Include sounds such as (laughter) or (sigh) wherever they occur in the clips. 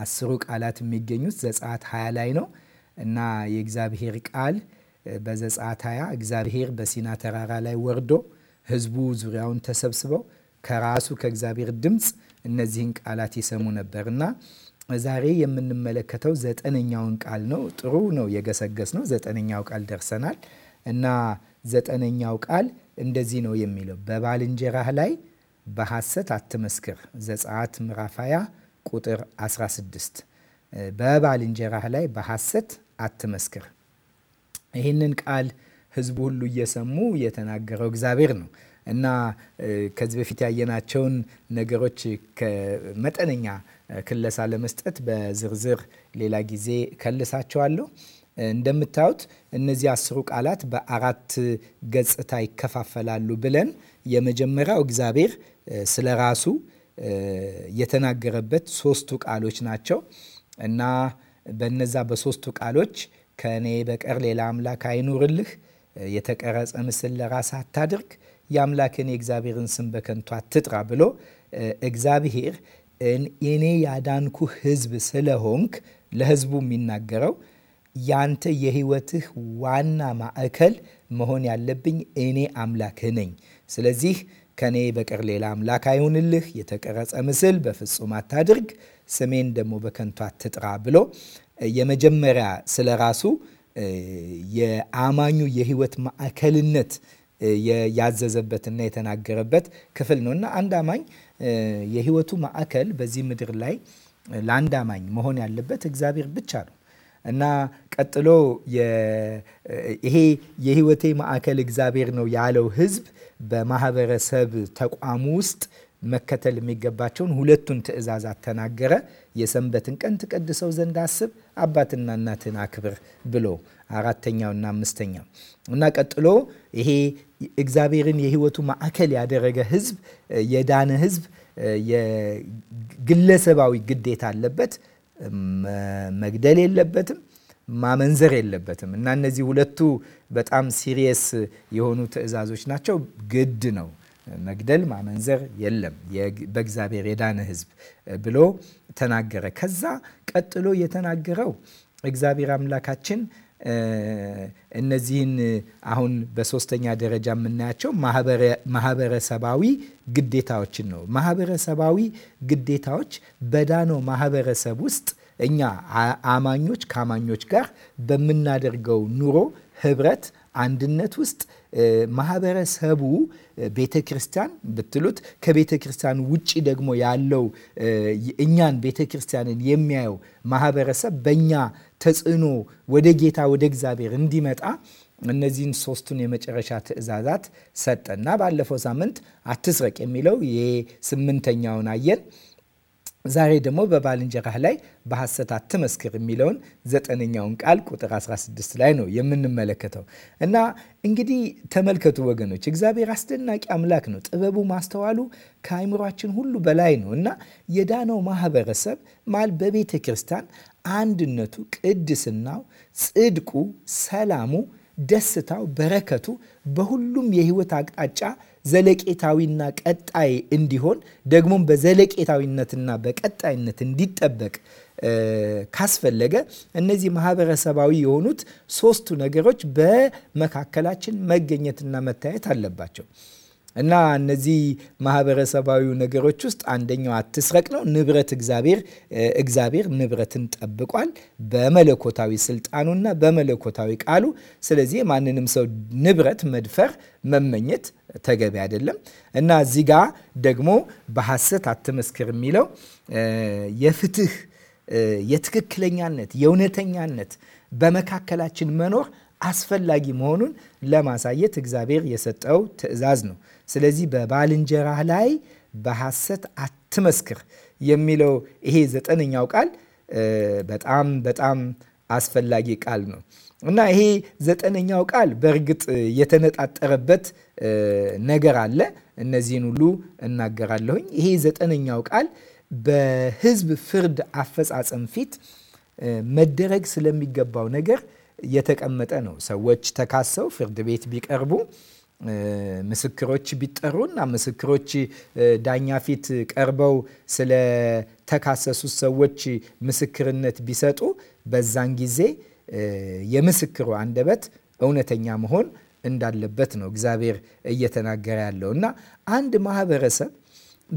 አስሩ ቃላት የሚገኙት ዘጸአት 20 ላይ ነው እና የእግዚአብሔር ቃል በዘጸአት 20 እግዚአብሔር በሲና ተራራ ላይ ወርዶ ህዝቡ ዙሪያውን ተሰብስበው ከራሱ ከእግዚአብሔር ድምፅ እነዚህን ቃላት ይሰሙ ነበር እና ዛሬ የምንመለከተው ዘጠነኛውን ቃል ነው። ጥሩ ነው የገሰገስ ነው። ዘጠነኛው ቃል ደርሰናል እና ዘጠነኛው ቃል እንደዚህ ነው የሚለው በባልንጀራህ ላይ በሐሰት አትመስክር። ዘጸአት ምዕራፍ 20 ቁጥር 16 በባልንጀራህ ላይ በሐሰት አትመስክር። ይህንን ቃል ህዝቡ ሁሉ እየሰሙ የተናገረው እግዚአብሔር ነው እና ከዚህ በፊት ያየናቸውን ነገሮች መጠነኛ ክለሳ ለመስጠት በዝርዝር ሌላ ጊዜ ከልሳቸዋለሁ። እንደምታዩት እነዚህ አስሩ ቃላት በአራት ገጽታ ይከፋፈላሉ ብለን የመጀመሪያው እግዚአብሔር ስለ ራሱ የተናገረበት ሶስቱ ቃሎች ናቸው እና በነዛ በሶስቱ ቃሎች ከእኔ በቀር ሌላ አምላክ አይኑርልህ፣ የተቀረጸ ምስል ለራስ አታድርግ፣ የአምላክን የእግዚአብሔርን ስም በከንቱ አትጥራ ብሎ እግዚአብሔር እኔ ያዳንኩ ሕዝብ ስለሆንክ ለሕዝቡ የሚናገረው ያንተ የህይወትህ ዋና ማዕከል መሆን ያለብኝ እኔ አምላክህ ነኝ። ስለዚህ ከኔ በቀር ሌላ አምላክ አይሁንልህ፣ የተቀረጸ ምስል በፍጹም አታድርግ፣ ስሜን ደግሞ በከንቱ አትጥራ ብሎ የመጀመሪያ ስለ ራሱ የአማኙ የህይወት ማዕከልነት ያዘዘበትና የተናገረበት ክፍል ነው እና አንድ አማኝ የህይወቱ ማዕከል በዚህ ምድር ላይ ለአንድ አማኝ መሆን ያለበት እግዚአብሔር ብቻ ነው እና ቀጥሎ ይሄ የህይወቴ ማዕከል እግዚአብሔር ነው ያለው ህዝብ በማህበረሰብ ተቋም ውስጥ መከተል የሚገባቸውን ሁለቱን ትእዛዛት ተናገረ። የሰንበትን ቀን ትቀድሰው ዘንድ አስብ፣ አባትና እናትን አክብር ብሎ አራተኛውና አምስተኛው እና ቀጥሎ ይሄ እግዚአብሔርን የህይወቱ ማዕከል ያደረገ ህዝብ የዳነ ህዝብ የግለሰባዊ ግዴታ አለበት። መግደል የለበትም። ማመንዘር የለበትም እና እነዚህ ሁለቱ በጣም ሲሪየስ የሆኑ ትዕዛዞች ናቸው። ግድ ነው መግደል፣ ማመንዘር የለም በእግዚአብሔር የዳነ ሕዝብ ብሎ ተናገረ። ከዛ ቀጥሎ የተናገረው እግዚአብሔር አምላካችን እነዚህን አሁን በሶስተኛ ደረጃ የምናያቸው ማህበረሰባዊ ግዴታዎችን ነው። ማህበረሰባዊ ግዴታዎች በዳነው ማህበረሰብ ውስጥ እኛ አማኞች ከአማኞች ጋር በምናደርገው ኑሮ ህብረት፣ አንድነት ውስጥ ማህበረሰቡ ቤተ ክርስቲያን ብትሉት ከቤተ ክርስቲያን ውጭ ደግሞ ያለው እኛን ቤተ ክርስቲያንን የሚያየው ማህበረሰብ በእኛ ተጽዕኖ ወደ ጌታ ወደ እግዚአብሔር እንዲመጣ እነዚህን ሶስቱን የመጨረሻ ትእዛዛት ሰጠና ባለፈው ሳምንት አትስረቅ የሚለው ይሄ ስምንተኛውን አየን። ዛሬ ደግሞ በባልንጀራህ ላይ በሐሰት አትመስክር የሚለውን ዘጠነኛውን ቃል ቁጥር 16 ላይ ነው የምንመለከተው። እና እንግዲህ ተመልከቱ ወገኖች፣ እግዚአብሔር አስደናቂ አምላክ ነው። ጥበቡ፣ ማስተዋሉ ከአይምሯችን ሁሉ በላይ ነው እና የዳነው ማህበረሰብ ማል በቤተ ክርስቲያን አንድነቱ፣ ቅድስናው፣ ጽድቁ፣ ሰላሙ፣ ደስታው፣ በረከቱ በሁሉም የህይወት አቅጣጫ ዘለቄታዊና ቀጣይ እንዲሆን ደግሞም በዘለቄታዊነትና በቀጣይነት እንዲጠበቅ ካስፈለገ እነዚህ ማህበረሰባዊ የሆኑት ሶስቱ ነገሮች በመካከላችን መገኘትና መታየት አለባቸው። እና እነዚህ ማህበረሰባዊ ነገሮች ውስጥ አንደኛው አትስረቅ ነው። ንብረት እግዚአብሔር እግዚአብሔር ንብረትን ጠብቋል በመለኮታዊ ስልጣኑና በመለኮታዊ ቃሉ። ስለዚህ ማንንም ሰው ንብረት መድፈር፣ መመኘት ተገቢ አይደለም እና እዚህ ጋ ደግሞ በሐሰት አትመስክር የሚለው የፍትህ የትክክለኛነት የእውነተኛነት በመካከላችን መኖር አስፈላጊ መሆኑን ለማሳየት እግዚአብሔር የሰጠው ትዕዛዝ ነው። ስለዚህ በባልንጀራህ ላይ በሐሰት አትመስክር የሚለው ይሄ ዘጠነኛው ቃል በጣም በጣም አስፈላጊ ቃል ነው እና ይሄ ዘጠነኛው ቃል በእርግጥ የተነጣጠረበት ነገር አለ። እነዚህን ሁሉ እናገራለሁኝ። ይሄ ዘጠነኛው ቃል በሕዝብ ፍርድ አፈጻጸም ፊት መደረግ ስለሚገባው ነገር የተቀመጠ ነው። ሰዎች ተካሰው ፍርድ ቤት ቢቀርቡ ምስክሮች ቢጠሩ እና ምስክሮች ዳኛ ፊት ቀርበው ስለተካሰሱት ሰዎች ምስክርነት ቢሰጡ በዛን ጊዜ የምስክሩ አንደበት እውነተኛ መሆን እንዳለበት ነው እግዚአብሔር እየተናገረ ያለው እና አንድ ማህበረሰብ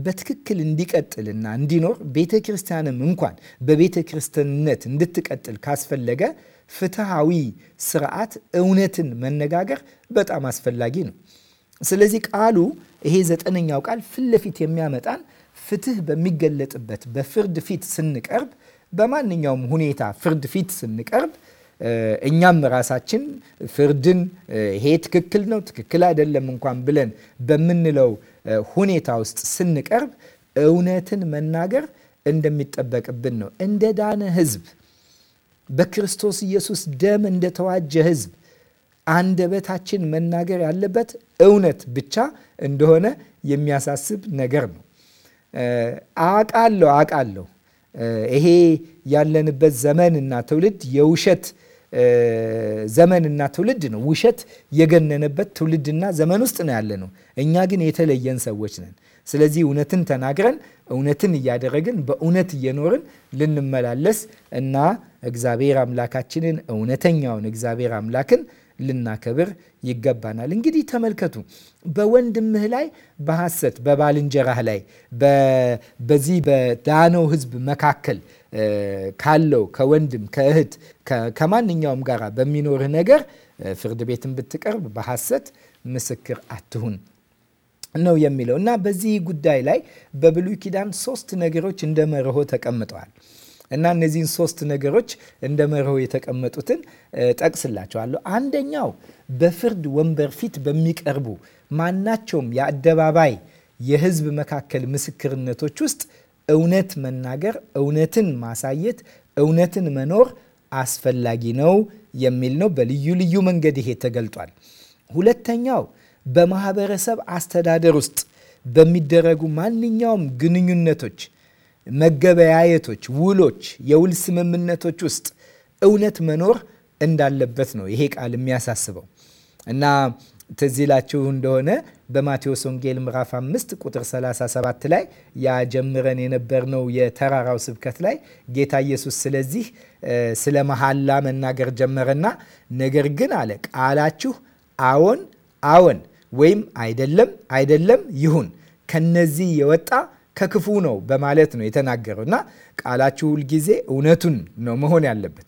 በትክክል እንዲቀጥልና እንዲኖር ቤተ ክርስቲያንም እንኳን በቤተ ክርስቲያንነት እንድትቀጥል ካስፈለገ ፍትሐዊ ስርዓት፣ እውነትን መነጋገር በጣም አስፈላጊ ነው። ስለዚህ ቃሉ ይሄ ዘጠነኛው ቃል ፊት ለፊት የሚያመጣን ፍትህ በሚገለጥበት በፍርድ ፊት ስንቀርብ፣ በማንኛውም ሁኔታ ፍርድ ፊት ስንቀርብ እኛም ራሳችን ፍርድን ይሄ ትክክል ነው ትክክል አይደለም እንኳን ብለን በምንለው ሁኔታ ውስጥ ስንቀርብ እውነትን መናገር እንደሚጠበቅብን ነው እንደ ዳነ ህዝብ በክርስቶስ ኢየሱስ ደም እንደተዋጀ አንድ አንደበታችን መናገር ያለበት እውነት ብቻ እንደሆነ የሚያሳስብ ነገር ነው። አቃለሁ አቃለሁ ይሄ ያለንበት ዘመንና ትውልድ የውሸት ዘመንና ትውልድ ነው። ውሸት የገነነበት ትውልድና ዘመን ውስጥ ነው ያለ ነው። እኛ ግን የተለየን ሰዎች ነን። ስለዚህ እውነትን ተናግረን እውነትን እያደረግን በእውነት እየኖርን ልንመላለስ እና እግዚአብሔር አምላካችንን እውነተኛውን እግዚአብሔር አምላክን ልናከብር ይገባናል። እንግዲህ ተመልከቱ፣ በወንድምህ ላይ በሐሰት በባልንጀራህ ላይ በዚህ በዳነው ሕዝብ መካከል ካለው ከወንድም ከእህት ከማንኛውም ጋር በሚኖርህ ነገር ፍርድ ቤትን ብትቀርብ በሐሰት ምስክር አትሁን ነው የሚለው እና በዚህ ጉዳይ ላይ በብሉይ ኪዳን ሶስት ነገሮች እንደ መርሆ ተቀምጠዋል። እና እነዚህን ሶስት ነገሮች እንደ መርሆ የተቀመጡትን ጠቅስላቸዋለሁ። አንደኛው በፍርድ ወንበር ፊት በሚቀርቡ ማናቸውም የአደባባይ የህዝብ መካከል ምስክርነቶች ውስጥ እውነት መናገር፣ እውነትን ማሳየት፣ እውነትን መኖር አስፈላጊ ነው የሚል ነው። በልዩ ልዩ መንገድ ይሄ ተገልጧል። ሁለተኛው በማህበረሰብ አስተዳደር ውስጥ በሚደረጉ ማንኛውም ግንኙነቶች መገበያየቶች፣ ውሎች፣ የውል ስምምነቶች ውስጥ እውነት መኖር እንዳለበት ነው ይሄ ቃል የሚያሳስበው እና ትዝ ይላችሁ እንደሆነ በማቴዎስ ወንጌል ምዕራፍ 5 ቁጥር 37 ላይ ያጀምረን የነበርነው የተራራው ስብከት ላይ ጌታ ኢየሱስ ስለዚህ ስለ መሐላ መናገር ጀመረና ነገር ግን አለ ቃላችሁ አዎን አዎን ወይም አይደለም አይደለም ይሁን ከነዚህ የወጣ ከክፉ ነው በማለት ነው የተናገረው እና ቃላችሁ ሁልጊዜ እውነቱን ነው መሆን ያለበት።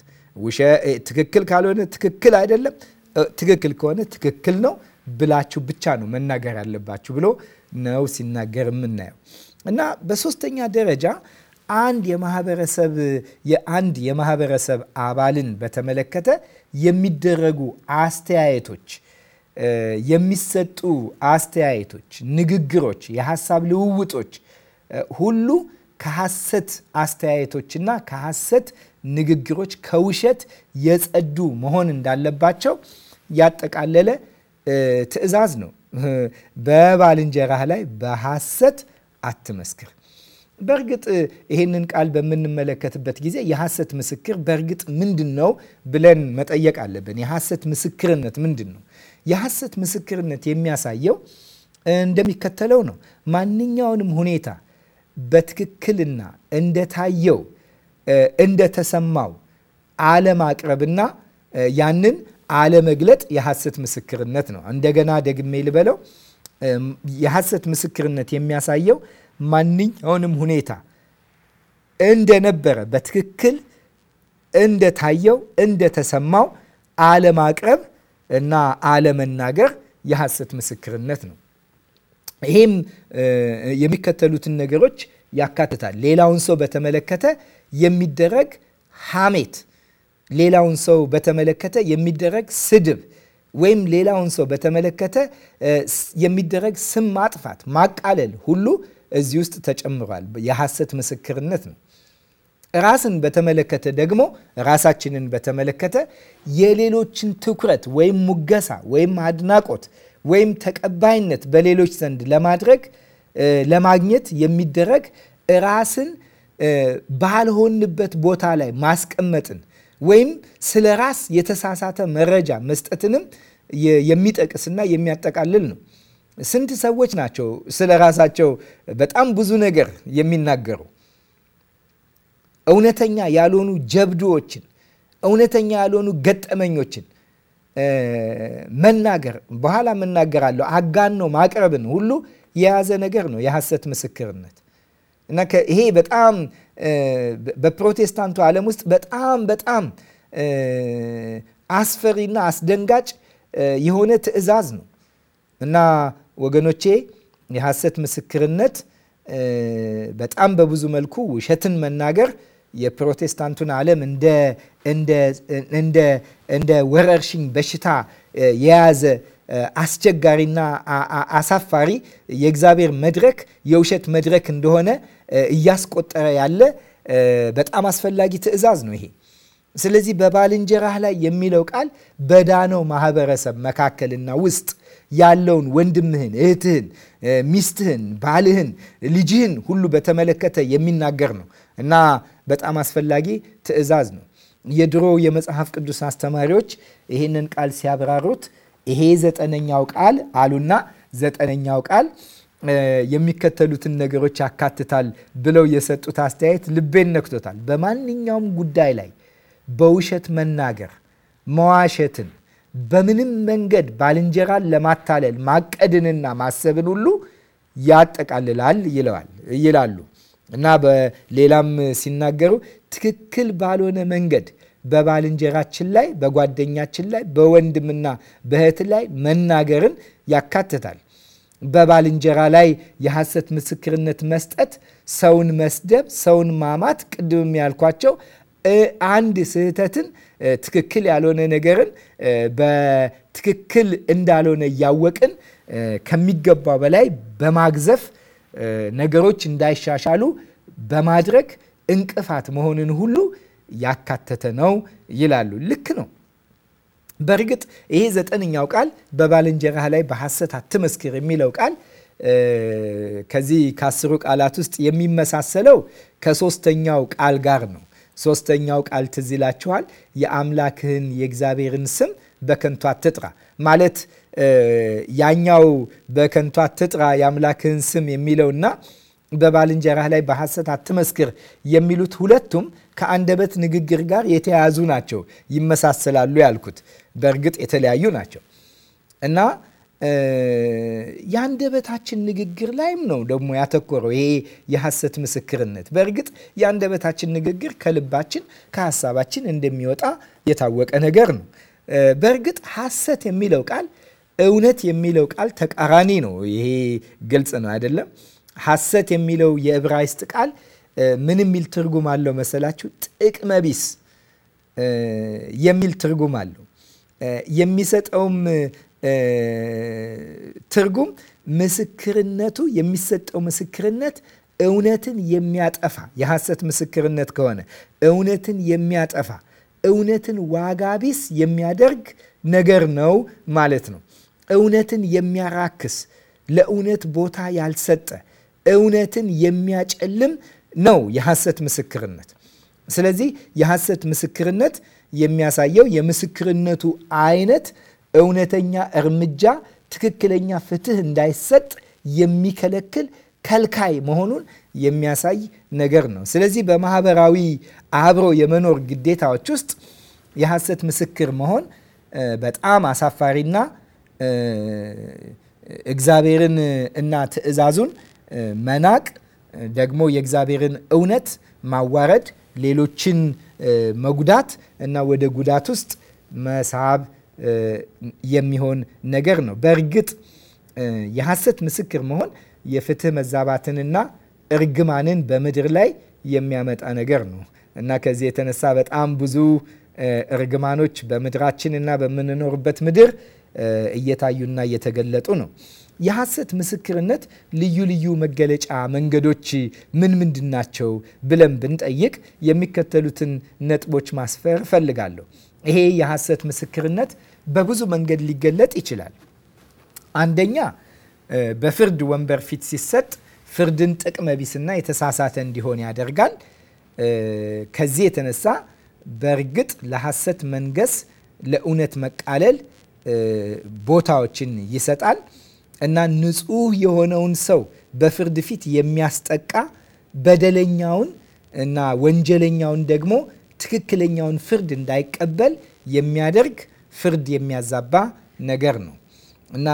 ትክክል ካልሆነ ትክክል አይደለም፣ ትክክል ከሆነ ትክክል ነው ብላችሁ ብቻ ነው መናገር ያለባችሁ ብሎ ነው ሲናገር የምናየው እና በሶስተኛ ደረጃ አንድ የማህበረሰብ የአንድ የማህበረሰብ አባልን በተመለከተ የሚደረጉ አስተያየቶች የሚሰጡ አስተያየቶች፣ ንግግሮች፣ የሀሳብ ልውውጦች ሁሉ ከሐሰት አስተያየቶችና ከሐሰት ንግግሮች ከውሸት የጸዱ መሆን እንዳለባቸው ያጠቃለለ ትዕዛዝ ነው። በባልንጀራህ ላይ በሐሰት አትመስክር። በእርግጥ ይህንን ቃል በምንመለከትበት ጊዜ የሐሰት ምስክር በእርግጥ ምንድን ነው ብለን መጠየቅ አለብን። የሐሰት ምስክርነት ምንድን ነው? የሐሰት ምስክርነት የሚያሳየው እንደሚከተለው ነው። ማንኛውንም ሁኔታ በትክክልና እንደታየው እንደተሰማው አለማቅረብና ያንን አለመግለጥ የሐሰት ምስክርነት ነው። እንደገና ደግሜ ልበለው፣ የሐሰት ምስክርነት የሚያሳየው ማንኛውንም ሁኔታ እንደነበረ በትክክል እንደታየው እንደተሰማው አለማቅረብ እና አለመናገር የሐሰት ምስክርነት ነው። ይሄም የሚከተሉትን ነገሮች ያካትታል። ሌላውን ሰው በተመለከተ የሚደረግ ሐሜት፣ ሌላውን ሰው በተመለከተ የሚደረግ ስድብ ወይም ሌላውን ሰው በተመለከተ የሚደረግ ስም ማጥፋት፣ ማቃለል ሁሉ እዚህ ውስጥ ተጨምሯል። የሐሰት ምስክርነት ነው። ራስን በተመለከተ ደግሞ ራሳችንን በተመለከተ የሌሎችን ትኩረት ወይም ሙገሳ ወይም አድናቆት ወይም ተቀባይነት በሌሎች ዘንድ ለማድረግ ለማግኘት የሚደረግ ራስን ባልሆንበት ቦታ ላይ ማስቀመጥን ወይም ስለ ራስ የተሳሳተ መረጃ መስጠትንም የሚጠቅስና የሚያጠቃልል ነው። ስንት ሰዎች ናቸው ስለ ራሳቸው በጣም ብዙ ነገር የሚናገሩ እውነተኛ ያልሆኑ ጀብዶዎችን፣ እውነተኛ ያልሆኑ ገጠመኞችን መናገር በኋላ መናገራለሁ አጋኖ ማቅረብን ሁሉ የያዘ ነገር ነው የሐሰት ምስክርነት እና ይሄ በጣም በፕሮቴስታንቱ ዓለም ውስጥ በጣም በጣም አስፈሪና አስደንጋጭ የሆነ ትዕዛዝ ነው እና ወገኖቼ የሐሰት ምስክርነት በጣም በብዙ መልኩ ውሸትን መናገር የፕሮቴስታንቱን ዓለም እንደ ወረርሽኝ በሽታ የያዘ አስቸጋሪና አሳፋሪ የእግዚአብሔር መድረክ የውሸት መድረክ እንደሆነ እያስቆጠረ ያለ በጣም አስፈላጊ ትዕዛዝ ነው ይሄ። ስለዚህ በባልንጀራህ ላይ የሚለው ቃል በዳነው ማህበረሰብ መካከልና ውስጥ ያለውን ወንድምህን፣ እህትህን፣ ሚስትህን፣ ባልህን፣ ልጅህን ሁሉ በተመለከተ የሚናገር ነው እና በጣም አስፈላጊ ትዕዛዝ ነው። የድሮ የመጽሐፍ ቅዱስ አስተማሪዎች ይህንን ቃል ሲያብራሩት ይሄ ዘጠነኛው ቃል አሉና ዘጠነኛው ቃል የሚከተሉትን ነገሮች ያካትታል ብለው የሰጡት አስተያየት ልቤን ነክቶታል። በማንኛውም ጉዳይ ላይ በውሸት መናገር፣ መዋሸትን፣ በምንም መንገድ ባልንጀራን ለማታለል ማቀድንና ማሰብን ሁሉ ያጠቃልላል ይለዋል ይላሉ። እና በሌላም ሲናገሩ ትክክል ባልሆነ መንገድ በባልንጀራችን ላይ በጓደኛችን ላይ በወንድምና በእህት ላይ መናገርን ያካትታል። በባልንጀራ ላይ የሐሰት ምስክርነት መስጠት፣ ሰውን መስደብ፣ ሰውን ማማት፣ ቅድምም ያልኳቸው አንድ ስህተትን ትክክል ያልሆነ ነገርን በትክክል እንዳልሆነ እያወቅን ከሚገባ በላይ በማግዘፍ ነገሮች እንዳይሻሻሉ በማድረግ እንቅፋት መሆንን ሁሉ ያካተተ ነው ይላሉ። ልክ ነው። በእርግጥ ይሄ ዘጠነኛው ቃል በባልንጀራህ ላይ በሐሰት አትመስክር የሚለው ቃል ከዚህ ከአስሩ ቃላት ውስጥ የሚመሳሰለው ከሶስተኛው ቃል ጋር ነው። ሶስተኛው ቃል ትዝ ይላችኋል። የአምላክህን የእግዚአብሔርን ስም በከንቱ አትጥራ ማለት ያኛው በከንቱ አትጥራ የአምላክህን ስም የሚለውና በባልንጀራህ ላይ በሐሰት አትመስክር የሚሉት ሁለቱም ከአንደበት ንግግር ጋር የተያያዙ ናቸው። ይመሳሰላሉ ያልኩት በእርግጥ የተለያዩ ናቸው እና የአንደበታችን ንግግር ላይም ነው ደግሞ ያተኮረው ይሄ የሐሰት ምስክርነት። በእርግጥ የአንደበታችን ንግግር ከልባችን ከሐሳባችን እንደሚወጣ የታወቀ ነገር ነው። በእርግጥ ሐሰት የሚለው ቃል እውነት የሚለው ቃል ተቃራኒ ነው። ይሄ ግልጽ ነው አይደለም? ሐሰት የሚለው የዕብራይስጥ ቃል ምን የሚል ትርጉም አለው መሰላችሁ? ጥቅመቢስ የሚል ትርጉም አለው። የሚሰጠውም ትርጉም ምስክርነቱ የሚሰጠው ምስክርነት እውነትን የሚያጠፋ የሐሰት ምስክርነት ከሆነ እውነትን የሚያጠፋ እውነትን ዋጋ ቢስ የሚያደርግ ነገር ነው ማለት ነው። እውነትን የሚያራክስ ለእውነት ቦታ ያልሰጠ እውነትን የሚያጨልም ነው የሐሰት ምስክርነት። ስለዚህ የሐሰት ምስክርነት የሚያሳየው የምስክርነቱ አይነት እውነተኛ እርምጃ፣ ትክክለኛ ፍትህ እንዳይሰጥ የሚከለክል ከልካይ መሆኑን የሚያሳይ ነገር ነው። ስለዚህ በማህበራዊ አብሮ የመኖር ግዴታዎች ውስጥ የሐሰት ምስክር መሆን በጣም አሳፋሪና እግዚአብሔርን እና ትእዛዙን መናቅ ደግሞ የእግዚአብሔርን እውነት ማዋረድ፣ ሌሎችን መጉዳት እና ወደ ጉዳት ውስጥ መሳብ የሚሆን ነገር ነው። በእርግጥ የሐሰት ምስክር መሆን የፍትህ መዛባትንና እርግማንን በምድር ላይ የሚያመጣ ነገር ነው እና ከዚህ የተነሳ በጣም ብዙ እርግማኖች በምድራችንና በምንኖርበት ምድር እየታዩና እየተገለጡ ነው። የሐሰት ምስክርነት ልዩ ልዩ መገለጫ መንገዶች ምን ምንድን ናቸው ብለን ብንጠይቅ የሚከተሉትን ነጥቦች ማስፈር እፈልጋለሁ። ይሄ የሐሰት ምስክርነት በብዙ መንገድ ሊገለጥ ይችላል። አንደኛ በፍርድ ወንበር ፊት ሲሰጥ ፍርድን ጥቅመ ቢስና የተሳሳተ እንዲሆን ያደርጋል። ከዚህ የተነሳ በእርግጥ ለሐሰት መንገስ፣ ለእውነት መቃለል ቦታዎችን ይሰጣል እና ንጹህ የሆነውን ሰው በፍርድ ፊት የሚያስጠቃ በደለኛውን እና ወንጀለኛውን ደግሞ ትክክለኛውን ፍርድ እንዳይቀበል የሚያደርግ ፍርድ የሚያዛባ ነገር ነው እና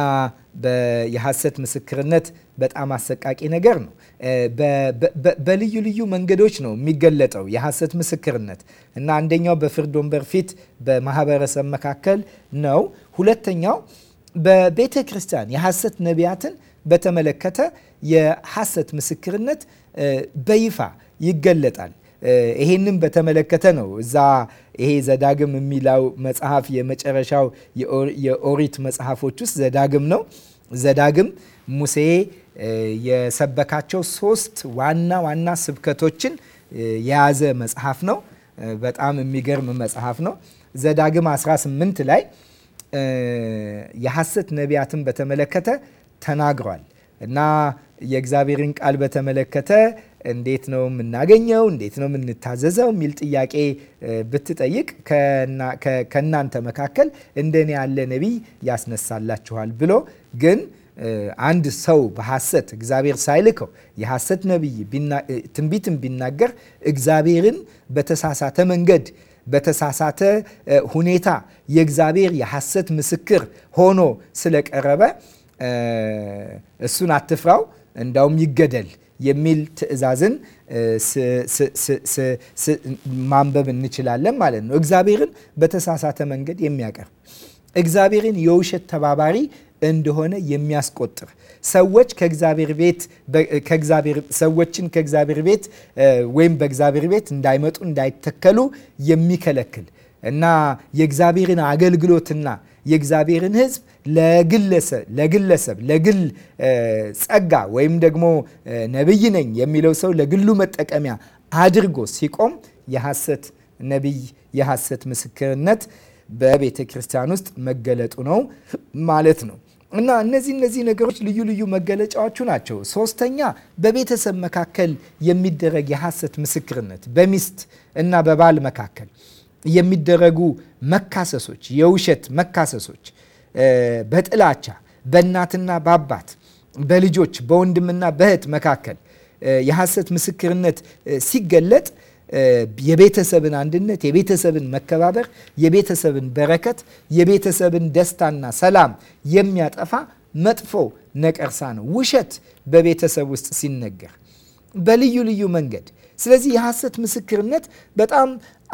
የሐሰት ምስክርነት በጣም አሰቃቂ ነገር ነው። በልዩ ልዩ መንገዶች ነው የሚገለጠው የሐሰት ምስክርነት እና አንደኛው በፍርድ ወንበር ፊት በማህበረሰብ መካከል ነው። ሁለተኛው በቤተ ክርስቲያን የሐሰት ነቢያትን በተመለከተ የሐሰት ምስክርነት በይፋ ይገለጣል። ይሄንም በተመለከተ ነው እዛ ይሄ ዘዳግም የሚለው መጽሐፍ የመጨረሻው የኦሪት መጽሐፎች ውስጥ ዘዳግም ነው። ዘዳግም ሙሴ የሰበካቸው ሶስት ዋና ዋና ስብከቶችን የያዘ መጽሐፍ ነው። በጣም የሚገርም መጽሐፍ ነው። ዘዳግም 18 ላይ የሐሰት ነቢያትን በተመለከተ ተናግሯል እና የእግዚአብሔርን ቃል በተመለከተ እንዴት ነው የምናገኘው፣ እንዴት ነው የምንታዘዘው የሚል ጥያቄ ብትጠይቅ ከእናንተ መካከል እንደኔ ያለ ነቢይ ያስነሳላችኋል ብሎ ግን አንድ ሰው በሐሰት እግዚአብሔር ሳይልከው የሐሰት ነቢይ ትንቢትን ቢናገር እግዚአብሔርን በተሳሳተ መንገድ በተሳሳተ ሁኔታ የእግዚአብሔር የሐሰት ምስክር ሆኖ ስለቀረበ እሱን አትፍራው፣ እንዳውም ይገደል የሚል ትዕዛዝን ማንበብ እንችላለን ማለት ነው። እግዚአብሔርን በተሳሳተ መንገድ የሚያቀርብ እግዚአብሔርን የውሸት ተባባሪ እንደሆነ የሚያስቆጥር ሰዎች ከእግዚአብሔር ቤት ሰዎችን ከእግዚአብሔር ቤት ወይም በእግዚአብሔር ቤት እንዳይመጡ እንዳይተከሉ የሚከለክል እና የእግዚአብሔርን አገልግሎትና የእግዚአብሔርን ሕዝብ ለግለሰብ ለግል ጸጋ ወይም ደግሞ ነቢይ ነኝ የሚለው ሰው ለግሉ መጠቀሚያ አድርጎ ሲቆም የሐሰት ነቢይ የሐሰት ምስክርነት በቤተ ክርስቲያን ውስጥ መገለጡ ነው ማለት ነው። እና እነዚህ እነዚህ ነገሮች ልዩ ልዩ መገለጫዎቹ ናቸው። ሶስተኛ በቤተሰብ መካከል የሚደረግ የሐሰት ምስክርነት፣ በሚስት እና በባል መካከል የሚደረጉ መካሰሶች፣ የውሸት መካሰሶች በጥላቻ በእናትና በአባት በልጆች በወንድምና በእህት መካከል የሐሰት ምስክርነት ሲገለጥ የቤተሰብን አንድነት፣ የቤተሰብን መከባበር፣ የቤተሰብን በረከት፣ የቤተሰብን ደስታና ሰላም የሚያጠፋ መጥፎ ነቀርሳ ነው ውሸት በቤተሰብ ውስጥ ሲነገር በልዩ ልዩ መንገድ። ስለዚህ የሐሰት ምስክርነት በጣም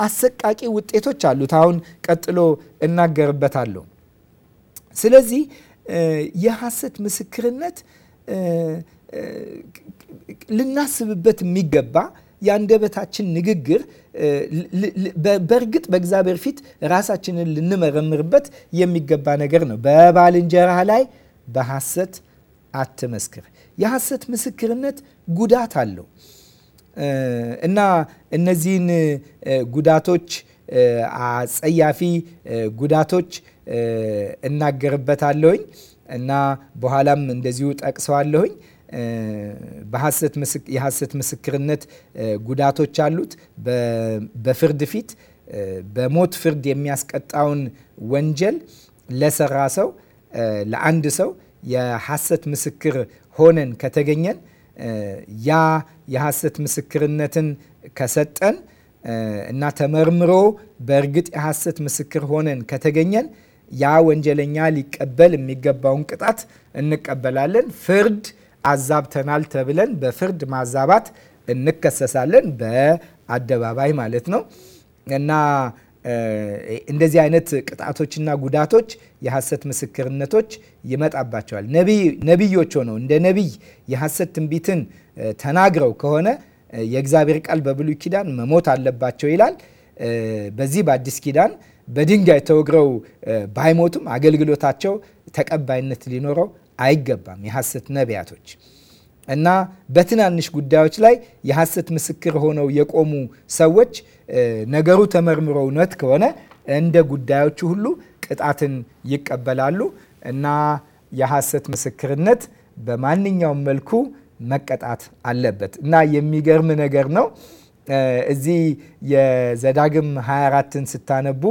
አሰቃቂ ውጤቶች አሉት። አሁን ቀጥሎ እናገርበታለሁ። ስለዚህ የሐሰት ምስክርነት ልናስብበት የሚገባ የአንደበታችን ንግግር በእርግጥ በእግዚአብሔር ፊት ራሳችንን ልንመረምርበት የሚገባ ነገር ነው። በባልንጀራህ ላይ በሐሰት አትመስክር። የሐሰት ምስክርነት ጉዳት አለው እና እነዚህን ጉዳቶች አጸያፊ ጉዳቶች እናገርበታለሁኝ እና በኋላም እንደዚሁ ጠቅሰዋለሁኝ። የሐሰት ምስክርነት ጉዳቶች አሉት። በፍርድ ፊት በሞት ፍርድ የሚያስቀጣውን ወንጀል ለሰራ ሰው ለአንድ ሰው የሐሰት ምስክር ሆነን ከተገኘን ያ የሐሰት ምስክርነትን ከሰጠን እና ተመርምሮ በእርግጥ የሐሰት ምስክር ሆነን ከተገኘን ያ ወንጀለኛ ሊቀበል የሚገባውን ቅጣት እንቀበላለን። ፍርድ አዛብተናል ተብለን በፍርድ ማዛባት እንከሰሳለን፣ በአደባባይ ማለት ነው እና እንደዚህ አይነት ቅጣቶችና ጉዳቶች የሐሰት ምስክርነቶች ይመጣባቸዋል። ነቢዮች ሆነው እንደ ነቢይ የሐሰት ትንቢትን ተናግረው ከሆነ የእግዚአብሔር ቃል በብሉይ ኪዳን መሞት አለባቸው ይላል። በዚህ በአዲስ ኪዳን በድንጋይ ተወግረው ባይሞቱም አገልግሎታቸው ተቀባይነት ሊኖረው አይገባም። የሐሰት ነቢያቶች እና በትናንሽ ጉዳዮች ላይ የሐሰት ምስክር ሆነው የቆሙ ሰዎች ነገሩ ተመርምሮ እውነት ከሆነ እንደ ጉዳዮቹ ሁሉ ቅጣትን ይቀበላሉ እና የሐሰት ምስክርነት በማንኛውም መልኩ መቀጣት አለበት እና የሚገርም ነገር ነው። እዚህ የዘዳግም 24ን ስታነቡ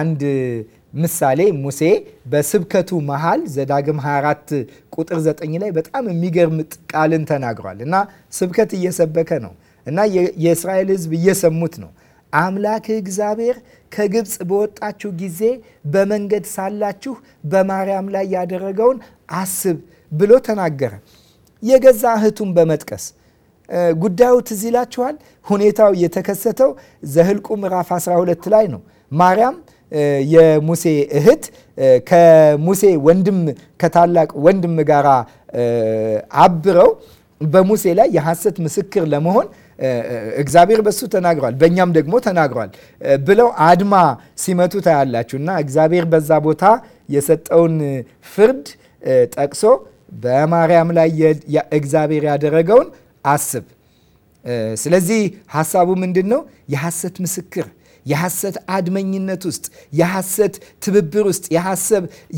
አንድ ምሳሌ ሙሴ በስብከቱ መሃል ዘዳግም 24 ቁጥር 9 ላይ በጣም የሚገርም ቃልን ተናግሯል እና ስብከት እየሰበከ ነው እና የእስራኤል ሕዝብ እየሰሙት ነው። አምላክ እግዚአብሔር ከግብፅ በወጣችሁ ጊዜ በመንገድ ሳላችሁ በማርያም ላይ ያደረገውን አስብ ብሎ ተናገረ። የገዛ እህቱን በመጥቀስ ጉዳዩ ትዝ ይላችኋል። ሁኔታው የተከሰተው ዘህልቁ ምዕራፍ 12 ላይ ነው። ማርያም የሙሴ እህት ከሙሴ ወንድም ከታላቅ ወንድም ጋራ አብረው በሙሴ ላይ የሐሰት ምስክር ለመሆን እግዚአብሔር በሱ ተናግሯል፣ በእኛም ደግሞ ተናግሯል ብለው አድማ ሲመቱ ታያላችሁ እና እግዚአብሔር በዛ ቦታ የሰጠውን ፍርድ ጠቅሶ በማርያም ላይ እግዚአብሔር ያደረገውን አስብ። ስለዚህ ሀሳቡ ምንድን ነው? የሐሰት ምስክር የሐሰት አድመኝነት ውስጥ፣ የሐሰት ትብብር ውስጥ፣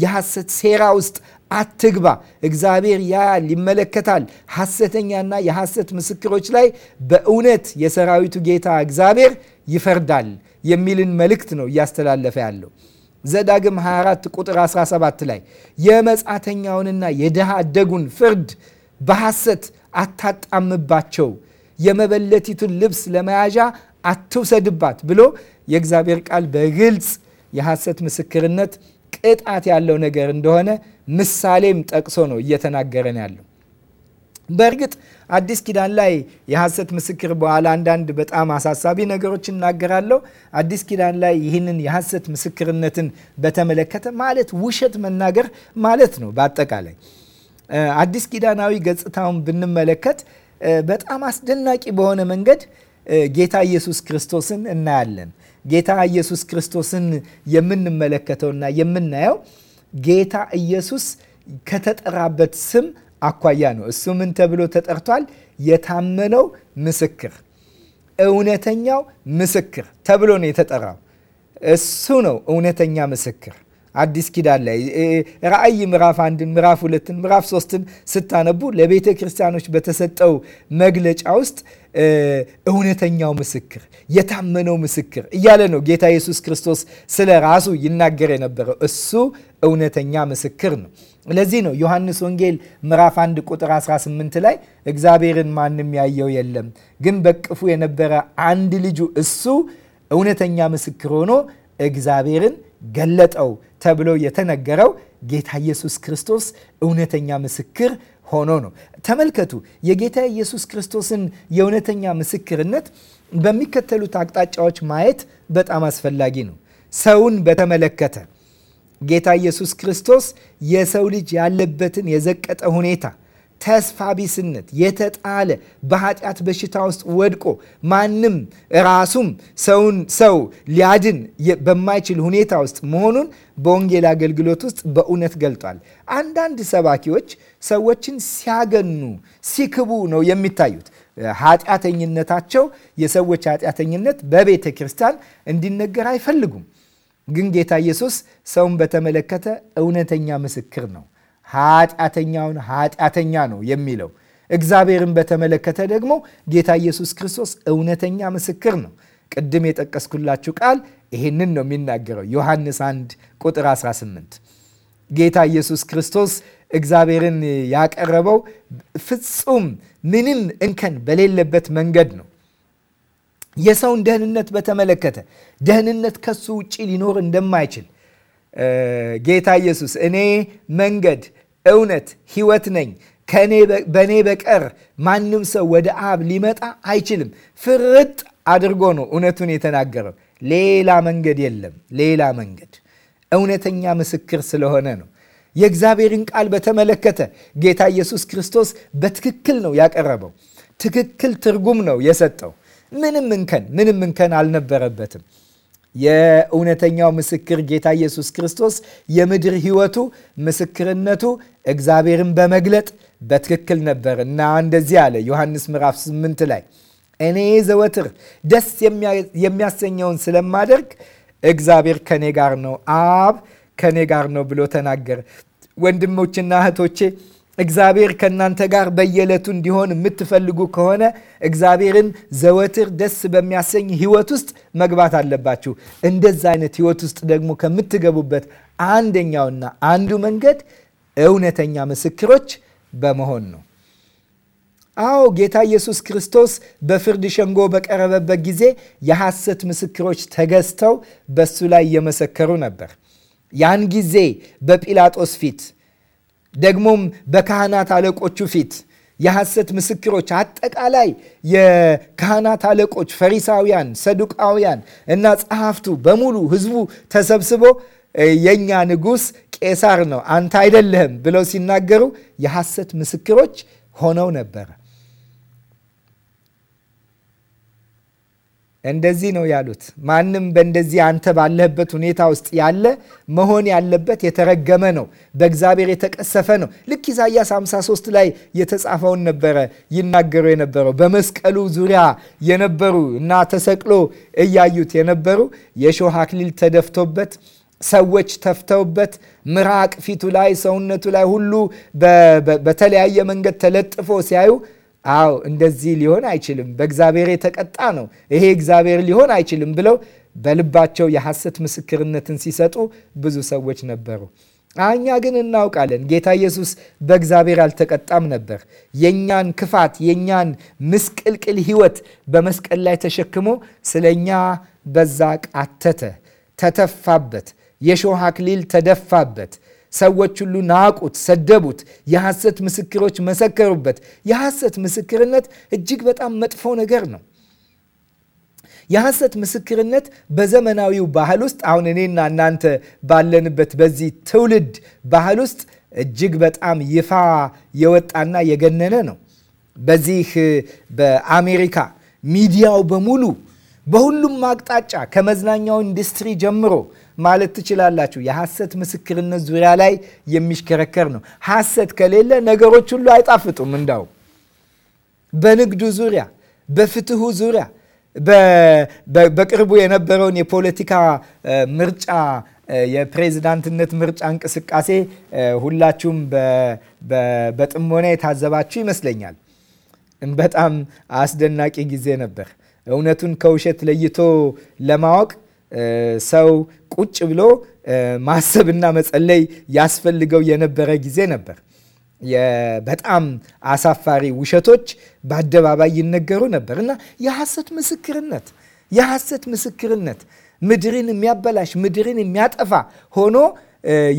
የሐሰት ሴራ ውስጥ አትግባ። እግዚአብሔር ያያል፣ ይመለከታል። ሐሰተኛና የሐሰት ምስክሮች ላይ በእውነት የሰራዊቱ ጌታ እግዚአብሔር ይፈርዳል የሚልን መልእክት ነው እያስተላለፈ ያለው። ዘዳግም 24 ቁጥር 17 ላይ የመጻተኛውንና የድሃ አደጉን ፍርድ በሐሰት አታጣምባቸው፣ የመበለቲቱን ልብስ ለመያዣ አትውሰድባት ብሎ የእግዚአብሔር ቃል በግልጽ የሐሰት ምስክርነት ቅጣት ያለው ነገር እንደሆነ ምሳሌም ጠቅሶ ነው እየተናገረን ያለው። በእርግጥ አዲስ ኪዳን ላይ የሐሰት ምስክር በኋላ አንዳንድ በጣም አሳሳቢ ነገሮች እናገራለሁ። አዲስ ኪዳን ላይ ይህንን የሐሰት ምስክርነትን በተመለከተ ማለት ውሸት መናገር ማለት ነው። በአጠቃላይ አዲስ ኪዳናዊ ገጽታውን ብንመለከት በጣም አስደናቂ በሆነ መንገድ ጌታ ኢየሱስ ክርስቶስን እናያለን። ጌታ ኢየሱስ ክርስቶስን የምንመለከተውና የምናየው ጌታ ኢየሱስ ከተጠራበት ስም አኳያ ነው። እሱ ምን ተብሎ ተጠርቷል? የታመነው ምስክር፣ እውነተኛው ምስክር ተብሎ ነው የተጠራው። እሱ ነው እውነተኛ ምስክር። አዲስ ኪዳን ላይ ራእይ ምዕራፍ አንድን ምዕራፍ ሁለትን ምዕራፍ ሶስትን ስታነቡ ለቤተ ክርስቲያኖች በተሰጠው መግለጫ ውስጥ እውነተኛው ምስክር፣ የታመነው ምስክር እያለ ነው ጌታ ኢየሱስ ክርስቶስ ስለ ራሱ ይናገር የነበረው። እሱ እውነተኛ ምስክር ነው። ለዚህ ነው ዮሐንስ ወንጌል ምዕራፍ 1 ቁጥር 18 ላይ እግዚአብሔርን ማንም ያየው የለም፣ ግን በቅፉ የነበረ አንድ ልጁ እሱ እውነተኛ ምስክር ሆኖ እግዚአብሔርን ገለጠው ተብሎ የተነገረው ጌታ ኢየሱስ ክርስቶስ እውነተኛ ምስክር ሆኖ ነው። ተመልከቱ የጌታ ኢየሱስ ክርስቶስን የእውነተኛ ምስክርነት በሚከተሉት አቅጣጫዎች ማየት በጣም አስፈላጊ ነው። ሰውን በተመለከተ ጌታ ኢየሱስ ክርስቶስ የሰው ልጅ ያለበትን የዘቀጠ ሁኔታ ተስፋ ቢስነት የተጣለ በኃጢአት በሽታ ውስጥ ወድቆ ማንም ራሱም ሰውን ሰው ሊያድን በማይችል ሁኔታ ውስጥ መሆኑን በወንጌል አገልግሎት ውስጥ በእውነት ገልጧል። አንዳንድ ሰባኪዎች ሰዎችን ሲያገኑ፣ ሲክቡ ነው የሚታዩት። ኃጢአተኝነታቸው የሰዎች ኃጢአተኝነት በቤተ ክርስቲያን እንዲነገር አይፈልጉም። ግን ጌታ ኢየሱስ ሰውን በተመለከተ እውነተኛ ምስክር ነው። ኃጢአተኛውን ኃጢአተኛ ነው የሚለው። እግዚአብሔርን በተመለከተ ደግሞ ጌታ ኢየሱስ ክርስቶስ እውነተኛ ምስክር ነው። ቅድም የጠቀስኩላችሁ ቃል ይሄንን ነው የሚናገረው። ዮሐንስ 1 ቁጥር 18 ጌታ ኢየሱስ ክርስቶስ እግዚአብሔርን ያቀረበው ፍጹም ምንም እንከን በሌለበት መንገድ ነው። የሰውን ደህንነት በተመለከተ ደህንነት ከሱ ውጭ ሊኖር እንደማይችል ጌታ ኢየሱስ እኔ መንገድ፣ እውነት፣ ህይወት ነኝ ከእኔ በእኔ በቀር ማንም ሰው ወደ አብ ሊመጣ አይችልም። ፍርጥ አድርጎ ነው እውነቱን የተናገረው። ሌላ መንገድ የለም። ሌላ መንገድ እውነተኛ ምስክር ስለሆነ ነው። የእግዚአብሔርን ቃል በተመለከተ ጌታ ኢየሱስ ክርስቶስ በትክክል ነው ያቀረበው። ትክክል ትርጉም ነው የሰጠው። ምንም እንከን ምንም እንከን አልነበረበትም። የእውነተኛው ምስክር ጌታ ኢየሱስ ክርስቶስ የምድር ሕይወቱ ምስክርነቱ እግዚአብሔርን በመግለጥ በትክክል ነበር እና እንደዚህ አለ ዮሐንስ ምዕራፍ 8 ላይ እኔ ዘወትር ደስ የሚያሰኘውን ስለማደርግ እግዚአብሔር ከኔ ጋር ነው፣ አብ ከኔ ጋር ነው ብሎ ተናገረ። ወንድሞችና እህቶቼ እግዚአብሔር ከእናንተ ጋር በየዕለቱ እንዲሆን የምትፈልጉ ከሆነ እግዚአብሔርን ዘወትር ደስ በሚያሰኝ ህይወት ውስጥ መግባት አለባችሁ። እንደዛ አይነት ህይወት ውስጥ ደግሞ ከምትገቡበት አንደኛውና አንዱ መንገድ እውነተኛ ምስክሮች በመሆን ነው። አዎ ጌታ ኢየሱስ ክርስቶስ በፍርድ ሸንጎ በቀረበበት ጊዜ የሐሰት ምስክሮች ተገዝተው በሱ ላይ እየመሰከሩ ነበር። ያን ጊዜ በጲላጦስ ፊት ደግሞም በካህናት አለቆቹ ፊት የሐሰት ምስክሮች አጠቃላይ የካህናት አለቆች፣ ፈሪሳውያን፣ ሰዱቃውያን እና ጸሐፍቱ በሙሉ ህዝቡ ተሰብስቦ የእኛ ንጉሥ ቄሳር ነው አንተ አይደለህም ብለው ሲናገሩ የሐሰት ምስክሮች ሆነው ነበረ። እንደዚህ ነው ያሉት። ማንም በእንደዚህ አንተ ባለህበት ሁኔታ ውስጥ ያለ መሆን ያለበት የተረገመ ነው፣ በእግዚአብሔር የተቀሰፈ ነው። ልክ ኢሳያስ 53 ላይ የተጻፈውን ነበረ ይናገሩ የነበረው በመስቀሉ ዙሪያ የነበሩ እና ተሰቅሎ እያዩት የነበሩ የሾህ አክሊል ተደፍቶበት ሰዎች ተፍተውበት ምራቅ ፊቱ ላይ ሰውነቱ ላይ ሁሉ በተለያየ መንገድ ተለጥፎ ሲያዩ አዎ እንደዚህ ሊሆን አይችልም፣ በእግዚአብሔር የተቀጣ ነው፣ ይሄ እግዚአብሔር ሊሆን አይችልም ብለው በልባቸው የሐሰት ምስክርነትን ሲሰጡ ብዙ ሰዎች ነበሩ። እኛ ግን እናውቃለን ጌታ ኢየሱስ በእግዚአብሔር አልተቀጣም ነበር። የእኛን ክፋት የእኛን ምስቅልቅል ሕይወት በመስቀል ላይ ተሸክሞ ስለ እኛ በዛ ቃተተ፣ ተተፋበት፣ የሾህ አክሊል ተደፋበት፣ ሰዎች ሁሉ ናቁት፣ ሰደቡት፣ የሐሰት ምስክሮች መሰከሩበት። የሐሰት ምስክርነት እጅግ በጣም መጥፎ ነገር ነው። የሐሰት ምስክርነት በዘመናዊው ባህል ውስጥ አሁን እኔና እናንተ ባለንበት በዚህ ትውልድ ባህል ውስጥ እጅግ በጣም ይፋ የወጣና የገነነ ነው። በዚህ በአሜሪካ ሚዲያው በሙሉ በሁሉም አቅጣጫ ከመዝናኛው ኢንዱስትሪ ጀምሮ ማለት ትችላላችሁ የሐሰት ምስክርነት ዙሪያ ላይ የሚሽከረከር ነው። ሐሰት ከሌለ ነገሮች ሁሉ አይጣፍጡም። እንዳው በንግዱ ዙሪያ፣ በፍትሁ ዙሪያ በቅርቡ የነበረውን የፖለቲካ ምርጫ የፕሬዝዳንትነት ምርጫ እንቅስቃሴ ሁላችሁም በጥሞና የታዘባችሁ ይመስለኛል። በጣም አስደናቂ ጊዜ ነበር። እውነቱን ከውሸት ለይቶ ለማወቅ ሰው ቁጭ ብሎ ማሰብና መጸለይ ያስፈልገው የነበረ ጊዜ ነበር። በጣም አሳፋሪ ውሸቶች በአደባባይ ይነገሩ ነበር እና የሐሰት ምስክርነት የሐሰት ምስክርነት ምድርን የሚያበላሽ ምድርን የሚያጠፋ ሆኖ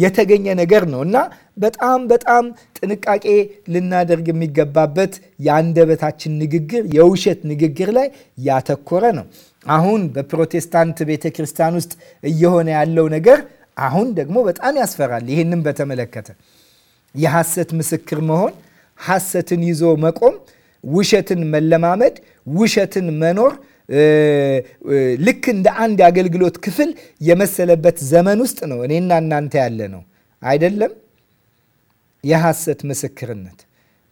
የተገኘ ነገር ነው እና በጣም በጣም ጥንቃቄ ልናደርግ የሚገባበት የአንደበታችን ንግግር የውሸት ንግግር ላይ ያተኮረ ነው። አሁን በፕሮቴስታንት ቤተ ክርስቲያን ውስጥ እየሆነ ያለው ነገር አሁን ደግሞ በጣም ያስፈራል። ይህንም በተመለከተ የሐሰት ምስክር መሆን፣ ሐሰትን ይዞ መቆም፣ ውሸትን መለማመድ፣ ውሸትን መኖር ልክ እንደ አንድ የአገልግሎት ክፍል የመሰለበት ዘመን ውስጥ ነው እኔና እናንተ ያለ ነው አይደለም። የሐሰት ምስክርነት፣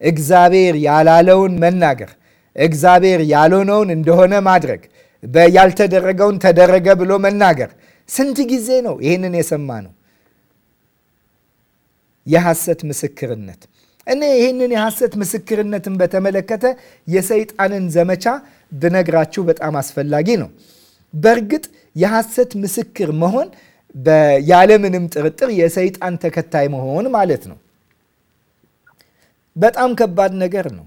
እግዚአብሔር ያላለውን መናገር፣ እግዚአብሔር ያልሆነውን እንደሆነ ማድረግ፣ ያልተደረገውን ተደረገ ብሎ መናገር። ስንት ጊዜ ነው ይህንን የሰማ ነው? የሐሰት ምስክርነት። እኔ ይህንን የሐሰት ምስክርነትን በተመለከተ የሰይጣንን ዘመቻ ብነግራችሁ በጣም አስፈላጊ ነው። በእርግጥ የሐሰት ምስክር መሆን ያለምንም ጥርጥር የሰይጣን ተከታይ መሆን ማለት ነው። በጣም ከባድ ነገር ነው።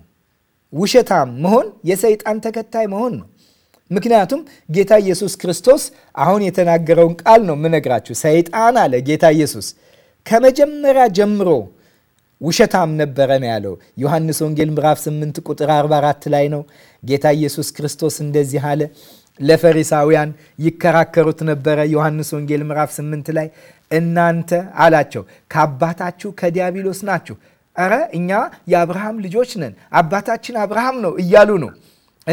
ውሸታም መሆን የሰይጣን ተከታይ መሆን ነው። ምክንያቱም ጌታ ኢየሱስ ክርስቶስ አሁን የተናገረውን ቃል ነው የምነግራችሁ። ሰይጣን አለ ጌታ ኢየሱስ ከመጀመሪያ ጀምሮ ውሸታም ነበረ ነው ያለው። ዮሐንስ ወንጌል ምዕራፍ 8 ቁጥር 44 ላይ ነው ጌታ ኢየሱስ ክርስቶስ እንደዚህ አለ። ለፈሪሳውያን ይከራከሩት ነበረ። ዮሐንስ ወንጌል ምዕራፍ 8 ላይ እናንተ አላቸው ከአባታችሁ ከዲያብሎስ ናችሁ አረ እኛ የአብርሃም ልጆች ነን፣ አባታችን አብርሃም ነው እያሉ ነው።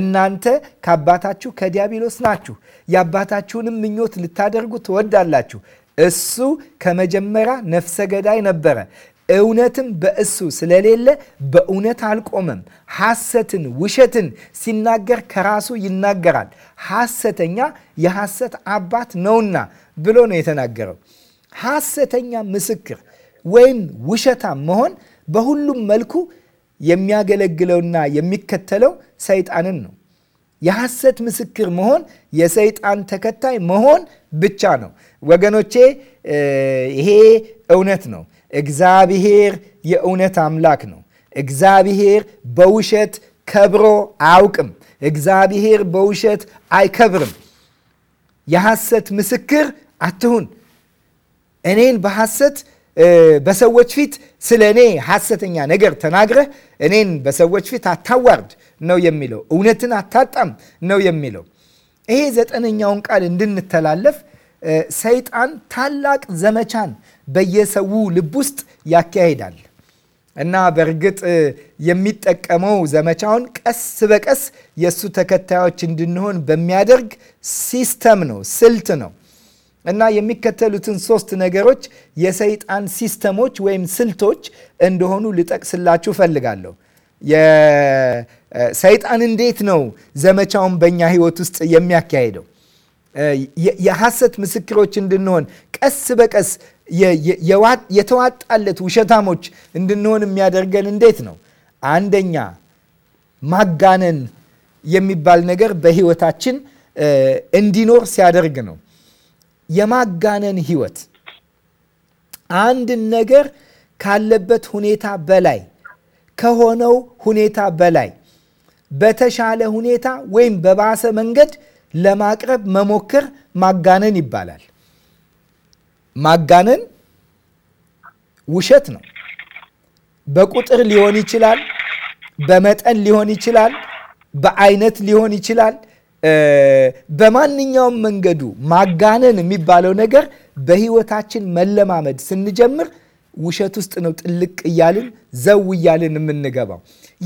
እናንተ ከአባታችሁ ከዲያብሎስ ናችሁ፣ የአባታችሁንም ምኞት ልታደርጉ ትወዳላችሁ። እሱ ከመጀመሪያ ነፍሰ ገዳይ ነበረ፣ እውነትም በእሱ ስለሌለ በእውነት አልቆመም። ሐሰትን፣ ውሸትን ሲናገር ከራሱ ይናገራል፣ ሐሰተኛ የሐሰት አባት ነውና ብሎ ነው የተናገረው። ሐሰተኛ ምስክር ወይም ውሸታም መሆን በሁሉም መልኩ የሚያገለግለውና የሚከተለው ሰይጣንን ነው። የሐሰት ምስክር መሆን የሰይጣን ተከታይ መሆን ብቻ ነው። ወገኖቼ ይሄ እውነት ነው። እግዚአብሔር የእውነት አምላክ ነው። እግዚአብሔር በውሸት ከብሮ አያውቅም። እግዚአብሔር በውሸት አይከብርም። የሐሰት ምስክር አትሁን። እኔን በሐሰት በሰዎች ፊት ስለ እኔ ሐሰተኛ ነገር ተናግረህ እኔን በሰዎች ፊት አታዋርድ ነው የሚለው። እውነትን አታጣም ነው የሚለው። ይሄ ዘጠነኛውን ቃል እንድንተላለፍ ሰይጣን ታላቅ ዘመቻን በየሰው ልብ ውስጥ ያካሄዳል እና በእርግጥ የሚጠቀመው ዘመቻውን ቀስ በቀስ የእሱ ተከታዮች እንድንሆን በሚያደርግ ሲስተም ነው፣ ስልት ነው። እና የሚከተሉትን ሶስት ነገሮች የሰይጣን ሲስተሞች ወይም ስልቶች እንደሆኑ ልጠቅስላችሁ ፈልጋለሁ። ሰይጣን እንዴት ነው ዘመቻውን በእኛ ህይወት ውስጥ የሚያካሄደው? የሐሰት ምስክሮች እንድንሆን ቀስ በቀስ የተዋጣለት ውሸታሞች እንድንሆን የሚያደርገን እንዴት ነው? አንደኛ ማጋነን የሚባል ነገር በህይወታችን እንዲኖር ሲያደርግ ነው። የማጋነን ህይወት አንድን ነገር ካለበት ሁኔታ በላይ ከሆነው ሁኔታ በላይ በተሻለ ሁኔታ ወይም በባሰ መንገድ ለማቅረብ መሞከር ማጋነን ይባላል። ማጋነን ውሸት ነው። በቁጥር ሊሆን ይችላል፣ በመጠን ሊሆን ይችላል፣ በአይነት ሊሆን ይችላል በማንኛውም መንገዱ ማጋነን የሚባለው ነገር በህይወታችን መለማመድ ስንጀምር ውሸት ውስጥ ነው ጥልቅ እያልን ዘው እያልን የምንገባው።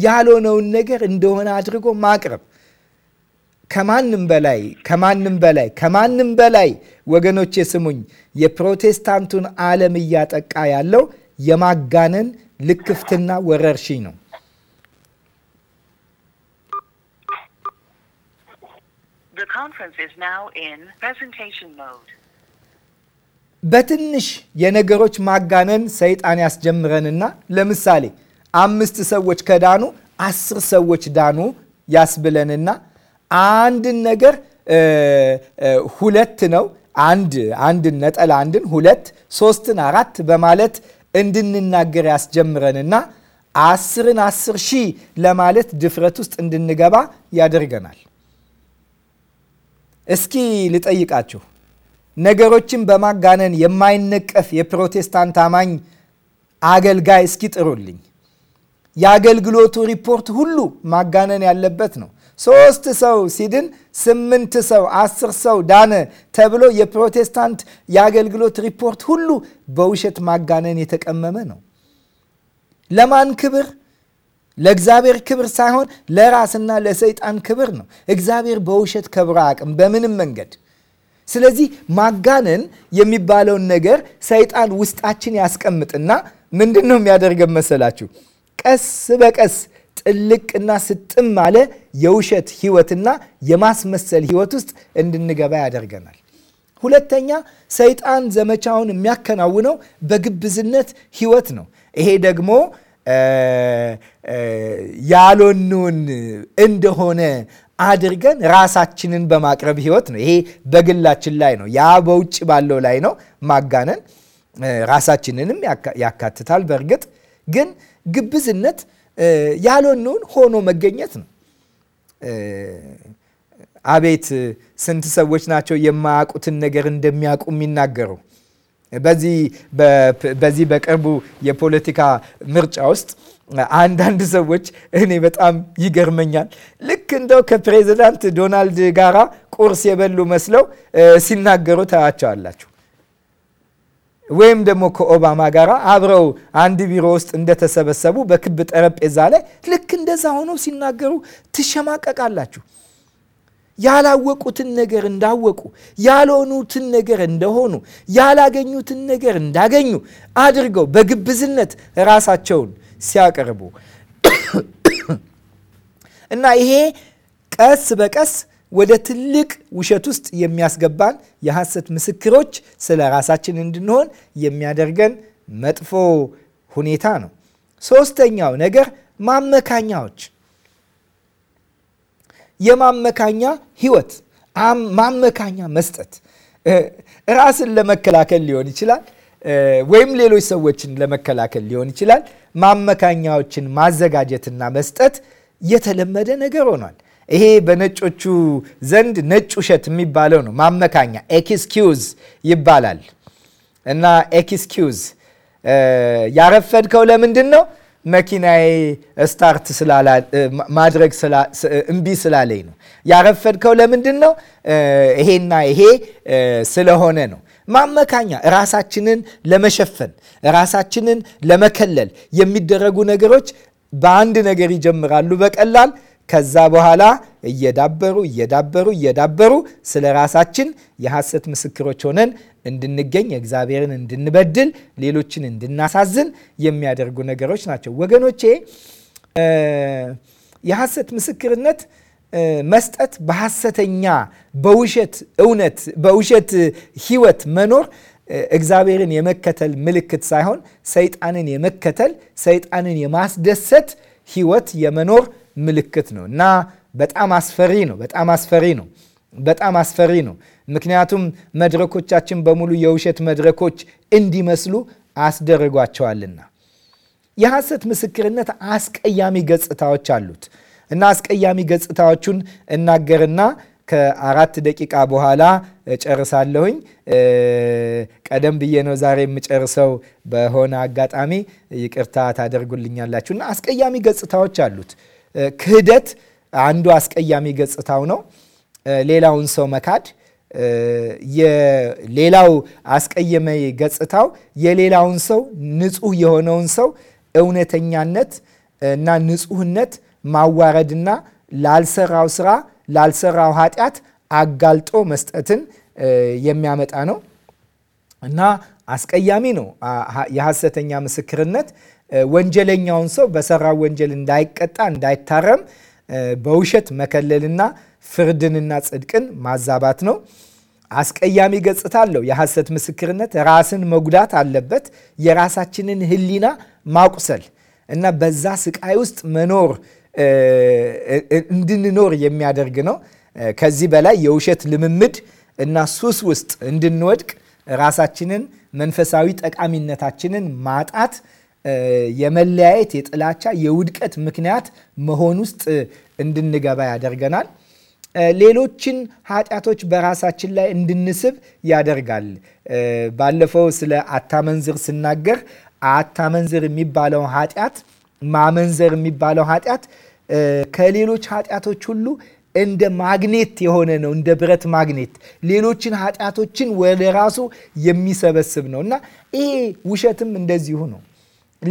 ያልሆነውን ነገር እንደሆነ አድርጎ ማቅረብ ከማንም በላይ ከማንም በላይ ከማንም በላይ ወገኖቼ ስሙኝ፣ የፕሮቴስታንቱን ዓለም እያጠቃ ያለው የማጋነን ልክፍትና ወረርሽኝ ነው። በትንሽ የነገሮች ማጋነን ሰይጣን ያስጀምረንና ለምሳሌ አምስት ሰዎች ከዳኑ አስር ሰዎች ዳኑ ያስብለንና አንድን ነገር ሁለት ነው አንድ አንድን ነጠላ አንድን ሁለት ሶስትን አራት በማለት እንድንናገር ያስጀምረንና አስርን አስር ሺህ ለማለት ድፍረት ውስጥ እንድንገባ ያደርገናል። እስኪ ልጠይቃችሁ ነገሮችን በማጋነን የማይነቀፍ የፕሮቴስታንት አማኝ አገልጋይ እስኪ ጥሩልኝ። የአገልግሎቱ ሪፖርት ሁሉ ማጋነን ያለበት ነው። ሶስት ሰው ሲድን ስምንት ሰው አስር ሰው ዳነ ተብሎ የፕሮቴስታንት የአገልግሎት ሪፖርት ሁሉ በውሸት ማጋነን የተቀመመ ነው። ለማን ክብር? ለእግዚአብሔር ክብር ሳይሆን ለራስና ለሰይጣን ክብር ነው። እግዚአብሔር በውሸት ከብሮ አያውቅም በምንም መንገድ። ስለዚህ ማጋነን የሚባለውን ነገር ሰይጣን ውስጣችን ያስቀምጥና ምንድን ነው የሚያደርገን መሰላችሁ? ቀስ በቀስ ጥልቅና ስጥም አለ የውሸት ህይወትና የማስመሰል ህይወት ውስጥ እንድንገባ ያደርገናል። ሁለተኛ ሰይጣን ዘመቻውን የሚያከናውነው በግብዝነት ህይወት ነው። ይሄ ደግሞ ያሎኑን እንደሆነ አድርገን ራሳችንን በማቅረብ ህይወት ነው። ይሄ በግላችን ላይ ነው፣ ያ በውጭ ባለው ላይ ነው። ማጋነን ራሳችንንም ያካትታል። በእርግጥ ግን ግብዝነት ያሎኑን ሆኖ መገኘት ነው። አቤት ስንት ሰዎች ናቸው የማያውቁትን ነገር እንደሚያውቁ የሚናገሩ በዚህ በቅርቡ የፖለቲካ ምርጫ ውስጥ አንዳንድ ሰዎች እኔ በጣም ይገርመኛል። ልክ እንደው ከፕሬዚዳንት ዶናልድ ጋራ ቁርስ የበሉ መስለው ሲናገሩ ታያቸዋላችሁ። ወይም ደግሞ ከኦባማ ጋር አብረው አንድ ቢሮ ውስጥ እንደተሰበሰቡ በክብ ጠረጴዛ ላይ ልክ እንደዛ ሆነው ሲናገሩ ትሸማቀቃላችሁ። ያላወቁትን ነገር እንዳወቁ፣ ያልሆኑትን ነገር እንደሆኑ፣ ያላገኙትን ነገር እንዳገኙ አድርገው በግብዝነት ራሳቸውን ሲያቀርቡ (coughs) እና ይሄ ቀስ በቀስ ወደ ትልቅ ውሸት ውስጥ የሚያስገባን የሐሰት ምስክሮች ስለ ራሳችን እንድንሆን የሚያደርገን መጥፎ ሁኔታ ነው። ሶስተኛው ነገር ማመካኛዎች የማመካኛ ህይወት ማመካኛ መስጠት ራስን ለመከላከል ሊሆን ይችላል፣ ወይም ሌሎች ሰዎችን ለመከላከል ሊሆን ይችላል። ማመካኛዎችን ማዘጋጀትና መስጠት የተለመደ ነገር ሆኗል። ይሄ በነጮቹ ዘንድ ነጭ ውሸት የሚባለው ነው። ማመካኛ ኤክስኪውዝ ይባላል እና ኤክስኪውዝ ያረፈድከው ለምንድን ነው? መኪናዬ ስታርት ማድረግ እምቢ ስላለኝ ነው። ያረፈድከው ለምንድን ነው? ይሄና ይሄ ስለሆነ ነው። ማመካኛ ራሳችንን ለመሸፈን ራሳችንን ለመከለል የሚደረጉ ነገሮች በአንድ ነገር ይጀምራሉ በቀላል ከዛ በኋላ እየዳበሩ እየዳበሩ እየዳበሩ ስለ ራሳችን የሐሰት ምስክሮች ሆነን እንድንገኝ፣ እግዚአብሔርን እንድንበድል፣ ሌሎችን እንድናሳዝን የሚያደርጉ ነገሮች ናቸው። ወገኖቼ የሐሰት ምስክርነት መስጠት በሐሰተኛ በውሸት እውነት በውሸት መኖር እግዚአብሔርን የመከተል ምልክት ሳይሆን ሰይጣንን የመከተል ሰይጣንን የማስደሰት ህይወት የመኖር ምልክት ነው እና በጣም አስፈሪ ነው። በጣም አስፈሪ ነው። በጣም አስፈሪ ነው። ምክንያቱም መድረኮቻችን በሙሉ የውሸት መድረኮች እንዲመስሉ አስደርጓቸዋልና። የሐሰት ምስክርነት አስቀያሚ ገጽታዎች አሉት እና አስቀያሚ ገጽታዎቹን እናገርና ከአራት ደቂቃ በኋላ ጨርሳለሁኝ። ቀደም ብዬ ነው ዛሬ የምጨርሰው። በሆነ አጋጣሚ ይቅርታ ታደርጉልኛላችሁ እና አስቀያሚ ገጽታዎች አሉት። ክህደት አንዱ አስቀያሚ ገጽታው ነው። ሌላውን ሰው መካድ የሌላው አስቀየመ ገጽታው የሌላውን ሰው ንጹህ የሆነውን ሰው እውነተኛነት እና ንጹህነት ማዋረድና ላልሰራው ስራ ላልሰራው ኃጢአት አጋልጦ መስጠትን የሚያመጣ ነው እና አስቀያሚ ነው። የሐሰተኛ ምስክርነት ወንጀለኛውን ሰው በሰራው ወንጀል እንዳይቀጣ እንዳይታረም በውሸት መከለልና ፍርድንና ጽድቅን ማዛባት ነው። አስቀያሚ ገጽታ አለው። የሐሰት ምስክርነት ራስን መጉዳት አለበት። የራሳችንን ሕሊና ማቁሰል እና በዛ ስቃይ ውስጥ መኖር እንድንኖር የሚያደርግ ነው። ከዚህ በላይ የውሸት ልምምድ እና ሱስ ውስጥ እንድንወድቅ ራሳችንን መንፈሳዊ ጠቃሚነታችንን ማጣት የመለያየት፣ የጥላቻ፣ የውድቀት ምክንያት መሆን ውስጥ እንድንገባ ያደርገናል። ሌሎችን ኃጢአቶች በራሳችን ላይ እንድንስብ ያደርጋል። ባለፈው ስለ አታመንዝር ስናገር አታመንዝር የሚባለው ኃጢአት ማመንዘር የሚባለው ኃጢአት ከሌሎች ኃጢአቶች ሁሉ እንደ ማግኔት የሆነ ነው። እንደ ብረት ማግኔት ሌሎችን ኃጢአቶችን ወደ ራሱ የሚሰበስብ ነው እና ይሄ ውሸትም እንደዚሁ ነው።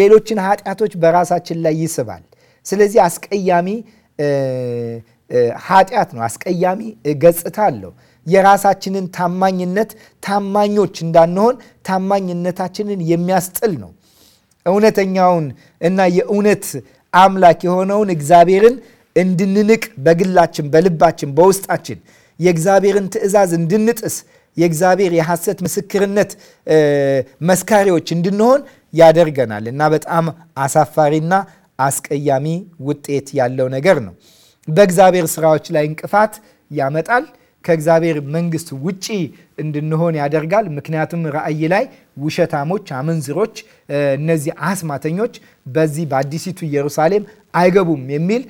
ሌሎችን ኃጢአቶች በራሳችን ላይ ይስባል። ስለዚህ አስቀያሚ ኃጢአት ነው። አስቀያሚ ገጽታ አለው። የራሳችንን ታማኝነት ታማኞች እንዳንሆን ታማኝነታችንን የሚያስጥል ነው። እውነተኛውን እና የእውነት አምላክ የሆነውን እግዚአብሔርን እንድንንቅ በግላችን፣ በልባችን፣ በውስጣችን የእግዚአብሔርን ትእዛዝ እንድንጥስ የእግዚአብሔር የሐሰት ምስክርነት መስካሪዎች እንድንሆን ያደርገናል እና በጣም አሳፋሪና አስቀያሚ ውጤት ያለው ነገር ነው። በእግዚአብሔር ስራዎች ላይ እንቅፋት ያመጣል። ከእግዚአብሔር መንግስት ውጪ እንድንሆን ያደርጋል። ምክንያቱም ራእይ ላይ ውሸታሞች፣ አመንዝሮች፣ እነዚህ አስማተኞች በዚህ በአዲሲቱ ኢየሩሳሌም አይገቡም የሚል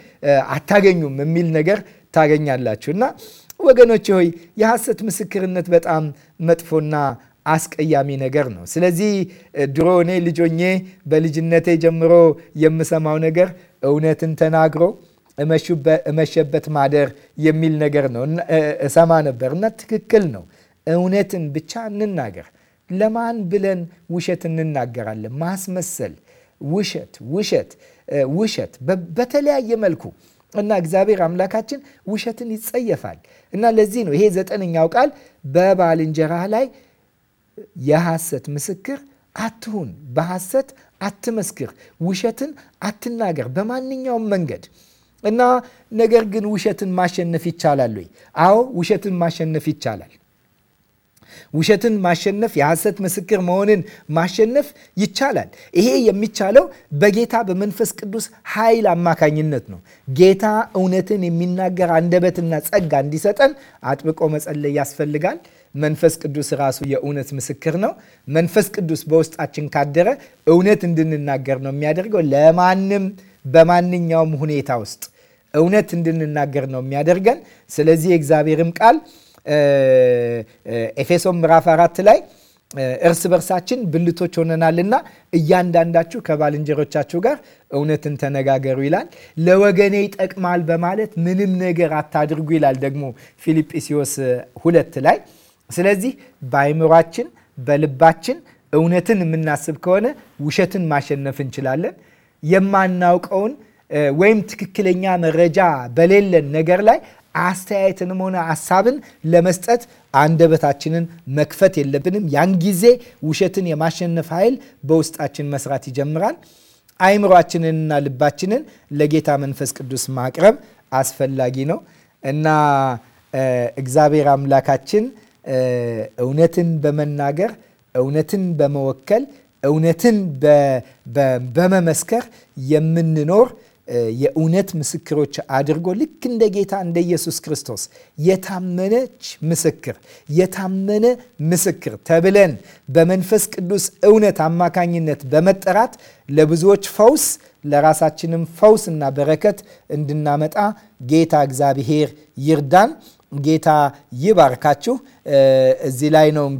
አታገኙም የሚል ነገር ታገኛላችሁ እና ወገኖች ሆይ የሐሰት ምስክርነት በጣም መጥፎና አስቀያሚ ነገር ነው። ስለዚህ ድሮ እኔ ልጆኜ በልጅነቴ ጀምሮ የምሰማው ነገር እውነትን ተናግሮ እመሸበት ማደር የሚል ነገር ነው እሰማ ነበር እና ትክክል ነው። እውነትን ብቻ እንናገር። ለማን ብለን ውሸት እንናገራለን? ማስመሰል፣ ውሸት፣ ውሸት፣ ውሸት በተለያየ መልኩ እና እግዚአብሔር አምላካችን ውሸትን ይጸየፋል እና ለዚህ ነው ይሄ ዘጠነኛው ቃል በባልንጀራህ ላይ የሐሰት ምስክር አትሁን፣ በሐሰት አትመስክር፣ ውሸትን አትናገር በማንኛውም መንገድ እና ነገር ግን ውሸትን ማሸነፍ ይቻላል ወይ? አዎ ውሸትን ማሸነፍ ይቻላል። ውሸትን ማሸነፍ የሐሰት ምስክር መሆንን ማሸነፍ ይቻላል። ይሄ የሚቻለው በጌታ በመንፈስ ቅዱስ ኃይል አማካኝነት ነው። ጌታ እውነትን የሚናገር አንደበትና ጸጋ እንዲሰጠን አጥብቆ መጸለይ ያስፈልጋል። መንፈስ ቅዱስ ራሱ የእውነት ምስክር ነው። መንፈስ ቅዱስ በውስጣችን ካደረ እውነት እንድንናገር ነው የሚያደርገው። ለማንም በማንኛውም ሁኔታ ውስጥ እውነት እንድንናገር ነው የሚያደርገን። ስለዚህ የእግዚአብሔርም ቃል ኤፌሶን ምዕራፍ አራት ላይ እርስ በርሳችን ብልቶች ሆነናልና እያንዳንዳችሁ ከባልንጀሮቻችሁ ጋር እውነትን ተነጋገሩ ይላል። ለወገኔ ይጠቅማል በማለት ምንም ነገር አታድርጉ ይላል ደግሞ ፊልጵስዩስ ሁለት ላይ ስለዚህ በአይምሯችን በልባችን እውነትን የምናስብ ከሆነ ውሸትን ማሸነፍ እንችላለን። የማናውቀውን ወይም ትክክለኛ መረጃ በሌለን ነገር ላይ አስተያየትንም ሆነ ሀሳብን ለመስጠት አንደበታችንን መክፈት የለብንም። ያን ጊዜ ውሸትን የማሸነፍ ኃይል በውስጣችን መስራት ይጀምራል። አይምሯችንንና ልባችንን ለጌታ መንፈስ ቅዱስ ማቅረብ አስፈላጊ ነው እና እግዚአብሔር አምላካችን እውነትን በመናገር እውነትን በመወከል እውነትን በመመስከር የምንኖር የእውነት ምስክሮች አድርጎ ልክ እንደ ጌታ እንደ ኢየሱስ ክርስቶስ የታመነች ምስክር የታመነ ምስክር ተብለን በመንፈስ ቅዱስ እውነት አማካኝነት በመጠራት ለብዙዎች ፈውስ ለራሳችንም ፈውስ እና በረከት እንድናመጣ ጌታ እግዚአብሔር ይርዳን። ጌታ ይባርካችሁ። እዚህ ላይ ነው